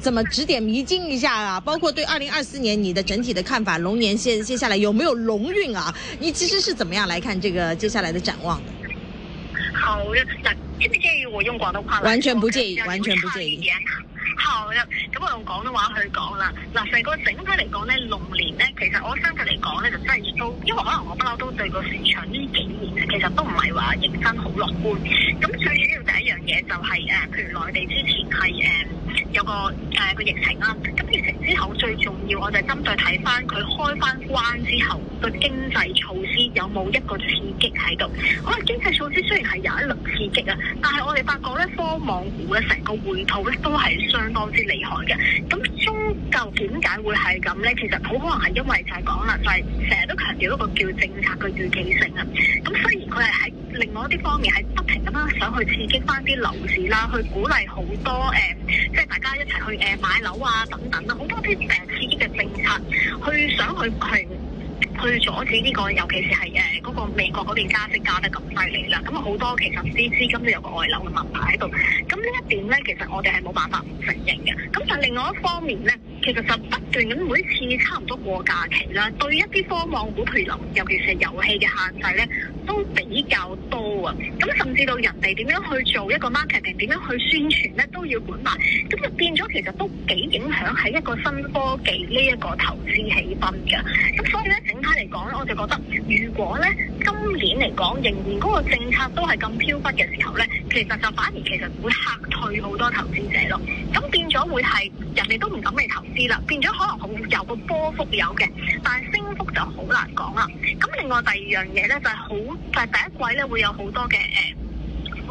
怎麼指點迷津一下啊？包括對二零二四年你的整體的看法，龍年接接下來有沒有龍運啊？你其實是怎麼樣來看這個接下來的展望？好的，嗱，介唔介意我用廣東話？完全不介意，完全不介意。介意好的，咁我用廣東話去講啦。嗱，成個整體嚟講呢，龍年呢，其實我相對嚟講呢，就真係都，因為可能我不嬲都對個市場呢幾年其實都唔係話認真好樂觀。咁最主要第一樣嘢就係、是、誒，譬如內地之前係誒。有個誒個疫情啦，咁其實。之後最重要，我就針對睇翻佢開翻關之後個經濟措施有冇一個刺激喺度。我哋經濟措施雖然係有一輪刺激啊，但係我哋發覺咧科網股咧成個回吐咧都係相當之厲害嘅。咁究竟點解會係咁咧？其實好可能係因為就係講啦，就係成日都強調一個叫政策嘅預期性啊。咁雖然佢係喺另外一啲方面係不停咁樣想去刺激翻啲樓市啦，去鼓勵好多誒、呃，即係大家一齊去誒、呃、買樓啊等等啊。啲成刺激嘅政策，去想去去去阻止呢個，尤其是係誒嗰個美國嗰邊加息加得咁犀利啦。咁啊，好多其實啲資金都有個外流嘅問題喺度。咁呢一點咧，其實我哋係冇辦法唔承認嘅。咁但係另外一方面咧。其實就不斷咁每次差唔多過假期啦，對一啲科網股，譬如尤其是遊戲嘅限制咧，都比較多啊。咁甚至到人哋點樣去做一個 marketing，點樣去宣傳咧，都要管埋。咁就變咗其實都幾影響喺一個新科技呢一個投資氣氛嘅。咁所以咧，整體嚟講咧，我就覺得如果咧今年嚟講仍然嗰個政策都係咁飄忽嘅時候咧，其實就反而其實會嚇退好多投資者咯。咁變咗會係人哋都唔敢去投資。啲變咗可能好有個波幅有嘅，但係升幅就好難講啦。咁另外第二樣嘢咧就係好，就係、是就是、第一季咧會有好多嘅誒、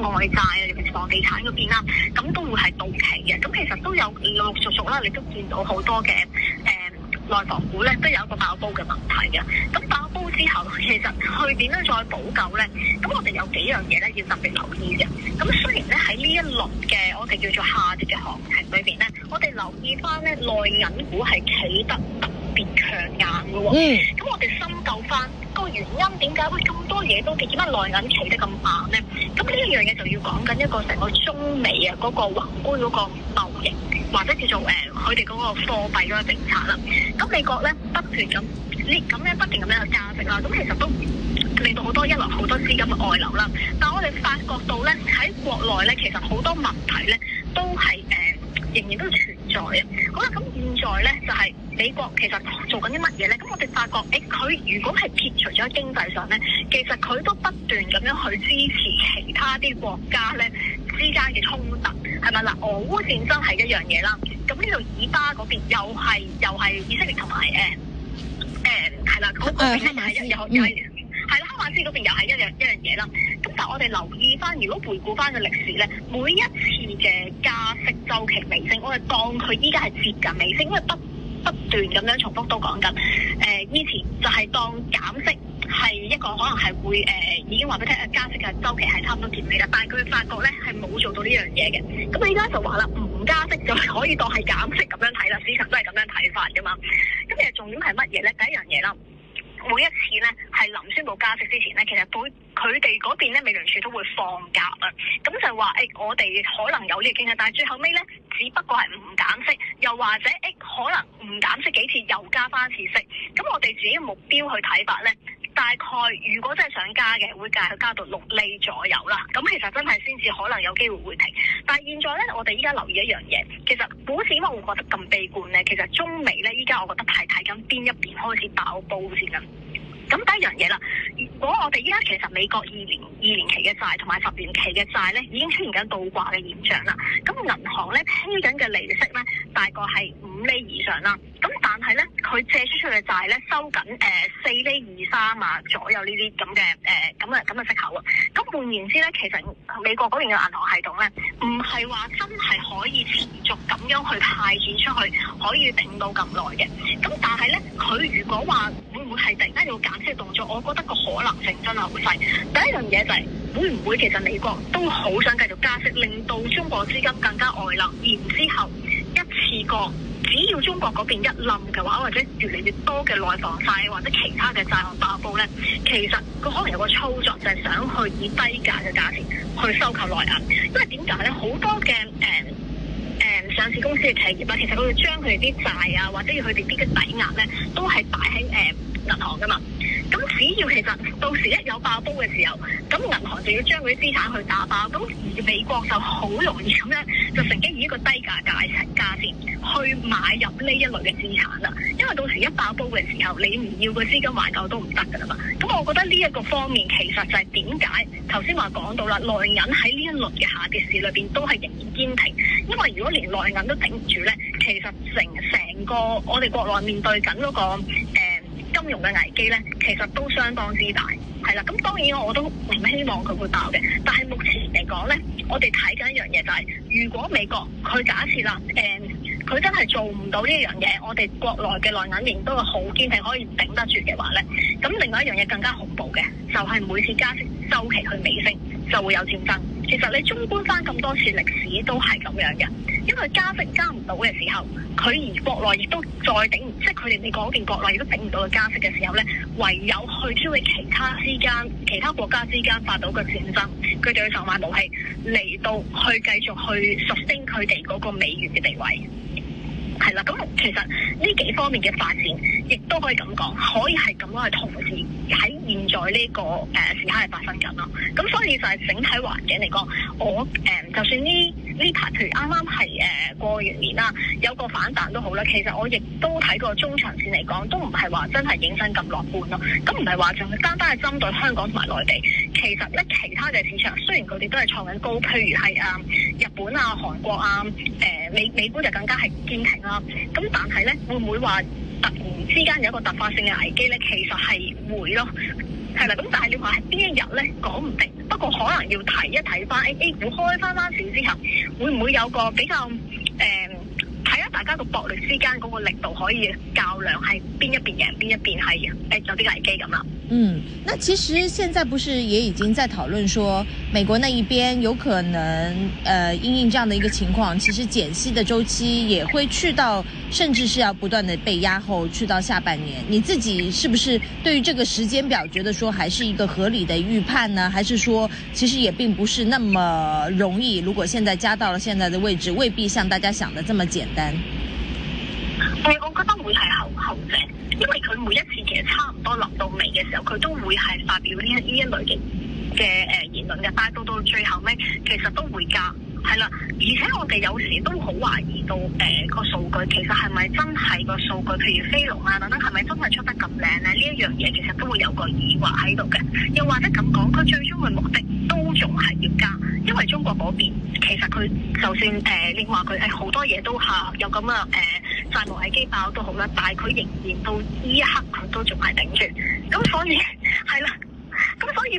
呃、外債啊，尤其是房地產嗰邊啦，咁都會係到期嘅。咁其實都有陸陸續續啦，你都見到好多嘅誒、呃、內房股咧都有一個爆煲嘅問題嘅。咁爆煲之後，其實去點樣再補救咧？咁我哋有幾樣嘢咧要特別留意嘅。咁雖然咧喺呢一輪嘅我哋叫做下跌嘅行情裏邊咧，我哋留意翻咧內銀股係企得特別強硬嘅喎、哦。嗯。咁我哋深究翻、嗰個原因，點解會咁多嘢都跌，點解內銀企得咁硬咧？咁呢一樣嘢就要講緊一個成個中美啊嗰個宏觀嗰個貿易，或者叫做誒佢哋嗰個貨幣嗰個政策啦。咁美國咧不斷咁呢咁樣不斷咁樣有加息啦，咁其實都。令到好多一流好多資金嘅外流啦，但係我哋發覺到咧喺國內咧，其實好多問題咧都係誒、呃、仍然都存在嘅。好啦，咁現在咧就係美國其實做緊啲乜嘢咧？咁我哋發覺誒佢、欸、如果係撇除咗經濟上咧，其實佢都不斷咁樣去支持其他啲國家咧之間嘅衝突，係咪嗱，俄烏戰爭係一樣嘢啦。咁呢度以巴嗰邊又係又係以色列同埋誒誒係啦，佢佢哋係又加息嗰邊又係一樣一樣嘢啦，咁但係我哋留意翻，如果回顧翻嘅歷史咧，每一次嘅加息週期尾聲，我哋當佢依家係接近尾聲，因為不不斷咁樣重複都講緊，誒、呃、以前就係當減息係一個可能係會誒、呃、已經話俾聽，加息嘅週期係差唔多結尾啦，但係佢發覺咧係冇做到呢樣嘢嘅，咁啊依家就話啦，唔加息就可以當係減息咁樣睇啦，市場都係咁樣睇法嘅嘛，咁其實重點係乜嘢咧？第一樣嘢啦。每一次咧，係臨宣布加息之前咧，其實佢佢哋嗰邊咧，美聯儲都會放假啊。咁就話誒、哎，我哋可能有呢個經濟，但係最後尾咧，只不過係唔減息，又或者誒、哎，可能唔減息幾次，又加翻次息。咁我哋自己嘅目標去睇法咧，大概如果真係想加嘅，會繼續加到六厘左右啦。咁其實真係先至可能有機會會停。但係現在咧，我哋依家留意一樣嘢，其實股市點解會覺得咁悲觀咧？其實中美咧，依家我覺得係睇緊邊一邊開始爆煲先啦。咁第一樣嘢啦，如果我哋依家其實美國二年二年期嘅債同埋十年期嘅債咧，已經出現緊倒掛嘅現象啦。咁銀行咧，收緊嘅利息咧，大概係五厘以上啦。咁但係咧，佢借出出嘅債咧，收緊誒四、呃、厘二三啊左右呢啲咁嘅誒咁嘅咁嘅息口啊。咁換言之咧，其實美國嗰邊嘅銀行系統咧。唔係話真係可以持續咁樣去派錢出去，可以頂到咁耐嘅。咁但係呢，佢如果話會唔會係突然間要減息動作，我覺得個可能性真係好細。第一樣嘢就係、是、會唔會其實美國都好想繼續加息，令到中國資金更加外流，然之後一次過。只要中國嗰邊一冧嘅話，或者越嚟越多嘅內房債或者其他嘅債項爆煲呢，其實佢可能有個操作就係、是、想去以低價嘅價錢去收購內銀，因為點解呢？好多嘅誒、嗯嗯、上市公司嘅企業啦，其實佢會將佢哋啲債啊，或者佢哋啲嘅抵押呢，都係擺喺誒銀行㗎嘛。咁只要其實到時一有爆煲嘅時候，咁銀行就要將佢啲資產去打爆，咁美國就好容易咁樣就乘機以一個低價價價錢去買入呢一類嘅資產啦。因為到時一爆煲嘅時候，你唔要個資金回購都唔得噶啦嘛。咁我覺得呢一個方面其實就係點解頭先話講到啦，內銀喺呢一輪嘅下跌市裏邊都係仍然堅挺，因為如果連內銀都頂唔住咧，其實成成個我哋國內面對緊嗰、嗰個、呃金融嘅危機呢，其實都相當之大，係啦。咁當然我都唔希望佢會爆嘅，但係目前嚟講呢，我哋睇緊一樣嘢就係、是，如果美國佢假設啦，誒、嗯，佢真係做唔到呢樣嘢，我哋國內嘅內銀仍都係好堅定可以頂得住嘅話呢。咁另外一樣嘢更加恐怖嘅，就係、是、每次加息週期去尾聲就會有戰爭。其實你縱觀翻咁多次歷史都係咁樣嘅，因為加息加唔到嘅時候，佢而國內亦都再頂，即係佢哋你講嘅國內亦都頂唔到佢加息嘅時候咧，唯有去挑起其他之間、其他國家之間發到嘅戰爭，佢哋去售賣武器嚟到去繼續去塑升佢哋嗰個美元嘅地位，係啦。咁、嗯、其實呢幾方面嘅發展。亦都可以咁講，可以係咁樣嘅，同時喺現在呢、呢個誒、呃、時刻係發生緊咯。咁所以就係整體環境嚟講，我誒、呃、就算呢呢排譬如啱啱係誒過完年啦，有個反彈都好啦。其實我亦都睇過中長線嚟講，都唔係話真係影身咁樂觀咯。咁唔係話就單單係針對香港同埋內地，其實咧，其他嘅市場雖然佢哋都係創緊高，譬如係誒、呃、日本啊、韓國啊、誒、呃、美美股就更加係堅挺啦。咁但係咧，會唔會話之間有一個突發性嘅危機咧，其實係會咯，係啦。咁但係你話喺邊一日咧，講唔定。不過可能要睇一睇翻，A A 股開翻翻市之後，會唔會有個比較誒，睇下大家個博弈之間嗰個力度，可以較量係邊一邊贏，邊一邊係誒有啲危機咁啦。嗯，那其實現在不是也已經在討論說，美國那一邊有可能誒、呃、因應這樣的一個情況，其實減息的週期也會去到。甚至是要不斷的被壓後，去到下半年，你自己是不是對於這個時間表覺得說還是一個合理的預判呢？還是說其實也並不是那麼容易？如果現在加到了現在的位置，未必像大家想的這麼簡單。我覺得會係後後者，因為佢每一次其實差唔多落到尾嘅時候，佢都會係發表呢呢一類嘅嘅誒言論嘅，加到到最後尾，其實都會加。係啦，而且我哋有時都好懷疑到誒、呃、個數據，其實係咪真係個數據？譬如飛龍啊等等，係咪真係出得咁靚咧？呢一樣嘢其實都會有個疑惑喺度嘅。又或者咁講，佢最終嘅目的都仲係要加，因為中國嗰邊其實佢就算誒、呃，你話佢係好多嘢都嚇有咁嘅誒債務危機爆都好啦，但係佢仍然到呢一刻佢都仲係頂住。咁所以。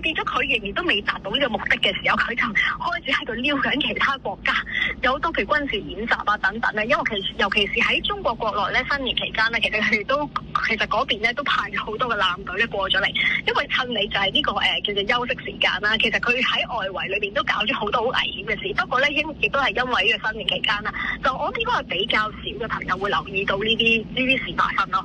變咗佢仍然都未達到呢個目的嘅時候，佢就開始喺度撩緊其他國家，有好多嘅軍事演習啊等等咧。因為其尤其是喺中國國內咧，新年期間咧，其實佢哋都其實嗰邊咧都派咗好多嘅艦隊咧過咗嚟，因為趁你就係呢、這個誒、呃、叫做休息時間啦。其實佢喺外圍裏邊都搞咗好多好危險嘅事。不過咧，應亦都係因為呢個新年期間啦，就我應該係比較少嘅朋友會留意到呢啲呢啲事發生咯。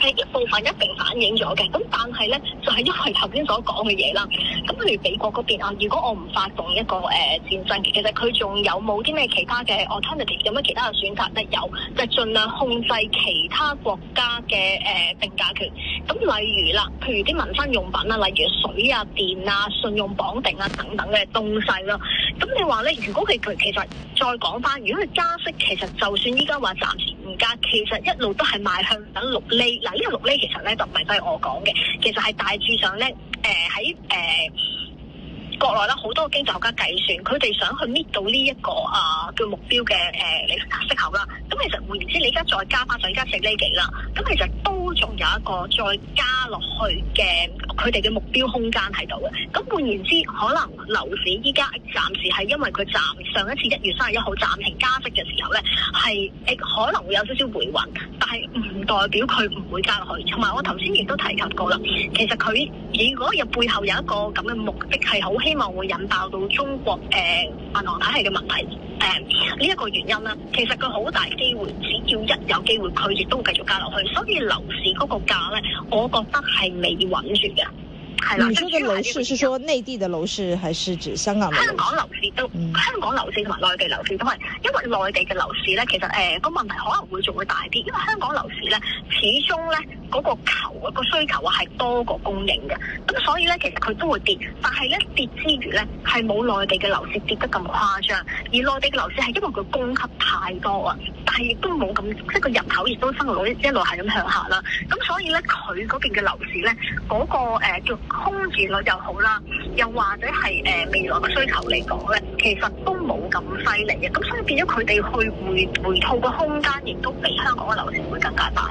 係一部分一定反映咗嘅，咁但係咧就係、是、因為頭先所講嘅嘢啦。咁譬如美國嗰邊啊，如果我唔發動一個誒、呃、戰爭，其實佢仲有冇啲咩其他嘅 alternative？有咩其他嘅選擇咧？有，就係、是、盡量控制其他國家嘅誒定價權。咁例如啦，譬如啲民生用品啊，例如水啊、電啊、信用綁定啊等等嘅東西咯。咁你話咧，如果佢其實再講翻，如果佢加息，其實就算依家話暫時。而家其實一路都係邁向等六厘嗱，呢個六厘其實咧就唔係都係我講嘅，其實係大致上咧，誒喺誒。國內啦，好多經濟學家計算，佢哋想去搣到呢、這、一個啊叫目標嘅誒、啊、利息口啦。咁、啊、其實換言之，你而家再加翻，上而家四厘幾啦。咁、啊、其實都仲有一個再加落去嘅佢哋嘅目標空間喺度嘅。咁、啊、換言之，可能樓市而家暫時係因為佢暫上一次一月三十一號暫停加息嘅時候咧，係誒、啊、可能會有少少回穩。係唔代表佢唔會加落去，同埋我頭先亦都提及過啦。其實佢如果有背後有一個咁嘅目的，係好希望會引爆到中國誒銀行體系嘅問題，誒呢一個原因啦。其實佢好大機會，只要一有機會，佢亦都會繼續加落去。所以樓市嗰個價咧，我覺得係未穩住嘅。係啦，你說嘅樓市是說內地嘅樓市，還是指香港樓市？香港樓市都，香港樓市同埋內地樓市都係，因為內地嘅樓市咧，其實誒個、呃、問題可能會仲會大啲，因為香港樓市咧始終咧。嗰個求啊，嗰個需求啊，係多過供應嘅，咁所以咧，其實佢都會跌，但係一跌之餘咧，係冇內地嘅樓市跌得咁誇張，而內地嘅樓市係因為佢供給太多啊，但係亦都冇咁，即係個人口亦都一,一路一路係咁向下啦，咁所以咧，佢嗰邊嘅樓市咧，嗰、嗰個誒、呃、叫空置率又好啦，又或者係誒、呃、未來嘅需求嚟講咧，其實都冇咁犀利嘅。咁所以變咗佢哋去回回吐個空間，亦都比香港嘅樓市會更加大。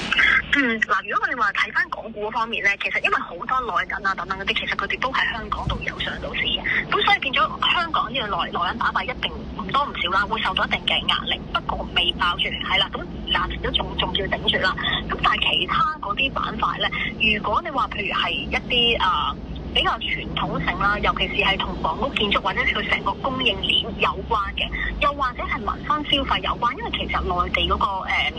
嗯，嗱，如果我哋話睇翻港股方面咧，其實因為好多內銀啊等等嗰啲，其實佢哋都喺香港度有上到市嘅，咁所以變咗香港呢個內內銀板塊一定唔多唔少啦，會受到一定嘅壓力，不過未爆住，嚟，係啦，咁暫時都仲仲要頂住啦。咁但係其他嗰啲板塊咧，如果你話譬如係一啲誒、呃、比較傳統性啦，尤其是係同房屋建築或者佢成個供應鏈有關嘅，又或者係民生消費有關，因為其實內地嗰、那個、呃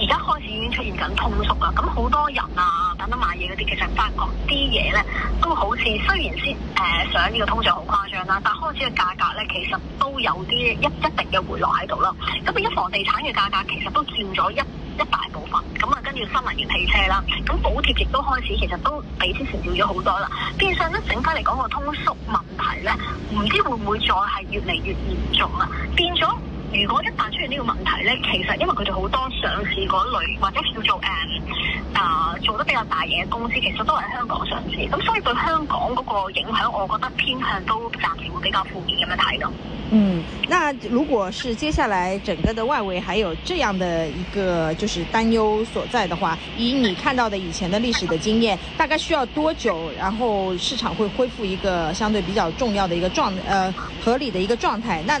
而家開始已經出現緊通縮啦，咁好多人啊，等等買嘢嗰啲，其實發覺啲嘢咧都好似雖然先誒、呃、上呢個通脹好誇張啦，但開始嘅價格咧其實都有啲一一定嘅回落喺度囉。咁啊，一房地產嘅價格其實都佔咗一一大部分，咁啊跟住新能源汽車啦，咁補貼亦都開始其實都比之前少咗好多啦。變相咧整體嚟講個通縮問題咧，唔知會唔會再係越嚟越嚴重啊？變咗。如果一旦出現呢個問題呢，其實因為佢哋好多上市嗰類或者叫做誒啊、uh, 呃、做得比較大型嘅公司，其實都係喺香港上市，咁所以對香港嗰個影響，我覺得偏向都暫時會比較負面咁樣睇咯。嗯，那如果是接下來整個的外圍還有這樣的，一個就是擔憂所在的話，以你看到的以前的歷史的經驗，大概需要多久，然後市場會恢復一個相對比較重要的一個狀，呃合理的一個狀態？那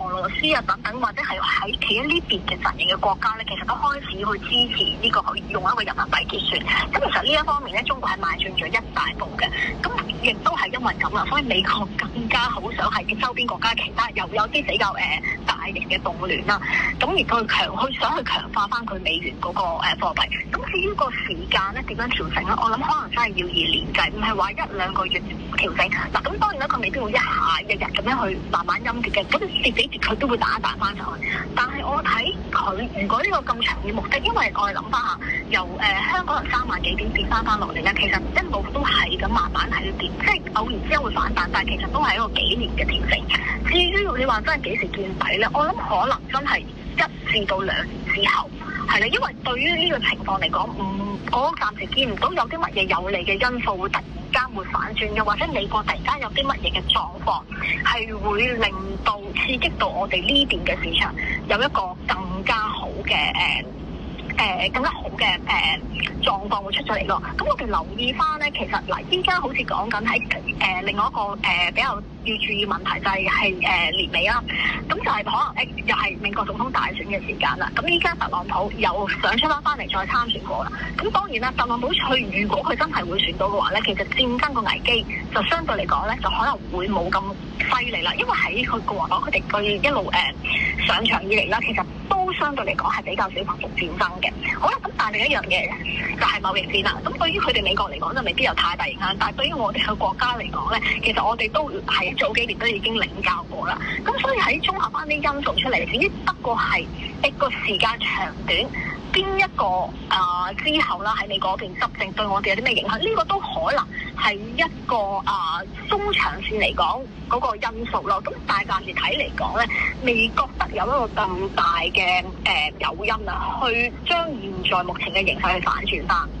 俄羅斯啊等等，或者係喺其他呢邊嘅陣營嘅國家咧，其實都開始去支持呢、這個去用一個人民幣結算。咁其實呢一方面咧，中國係邁進咗一大步嘅。咁亦都係因為咁啊，所以美國更加好想係周邊國家、其他又有啲比較誒大型嘅動亂啦，咁亦都強去，佢想去強化翻佢美元嗰個誒貨幣。咁至於個時間咧，點樣調整咧，我諗可能真係要以年計，唔係話一兩個月調整。嗱，咁當然啦，佢未必會一下日日咁樣去慢慢陰跌嘅，嗰佢都會打一打翻上去，但係我睇佢，如果呢個咁長嘅目的，因為我哋諗翻下，由誒、呃、香港人三萬幾點跌翻翻落嚟咧，其實一路都係咁慢慢喺度跌，即係偶然之間會反彈，但係其實都係一個幾年嘅調整。至於你話真係幾時見底咧，我諗可能真係一至到兩年之後係啦，因為對於呢個情況嚟講，唔、嗯、我暫時見唔到有啲乜嘢有利嘅因素會突會反轉嘅，或者美國突然間有啲乜嘢嘅狀況，係會令到刺激到我哋呢邊嘅市場有一個更加好嘅誒。Uh, 誒、呃、更加好嘅誒、呃、狀況會出咗嚟咯，咁我哋留意翻咧，其實嗱，依、呃、家好似講緊喺誒另外一個誒、呃、比較要注意問題就係係誒年尾啦，咁就係可能咧、呃、又係美國總統大選嘅時間啦，咁依家特朗普又想出翻翻嚟再參選過啦，咁當然啦，特朗普佢如果佢真係會選到嘅話咧，其實戰爭個危機就相對嚟講咧就可能會冇咁犀利啦，因為喺佢國講佢哋佢一路誒、呃、上場以嚟啦，其實都。相對嚟講係比較少發生戰爭嘅，好啦咁，但係另一樣嘢就係、是、貿易戰啦。咁對於佢哋美國嚟講就未必有太大影響，但係對於我哋嘅國家嚟講咧，其實我哋都喺早幾年都已經領教過啦。咁所以喺綜合翻啲因素出嚟，只不過係一個時間長短。邊一個啊、呃？之後啦，喺美國嘅執政對我哋有啲咩影響？呢、這個都可能係一個啊、呃、中長線嚟講嗰、那個因素咯。咁但係暫時睇嚟講咧，未覺得有一個咁大嘅誒、呃、誘因啊，去將現在目前嘅形勢去反轉翻。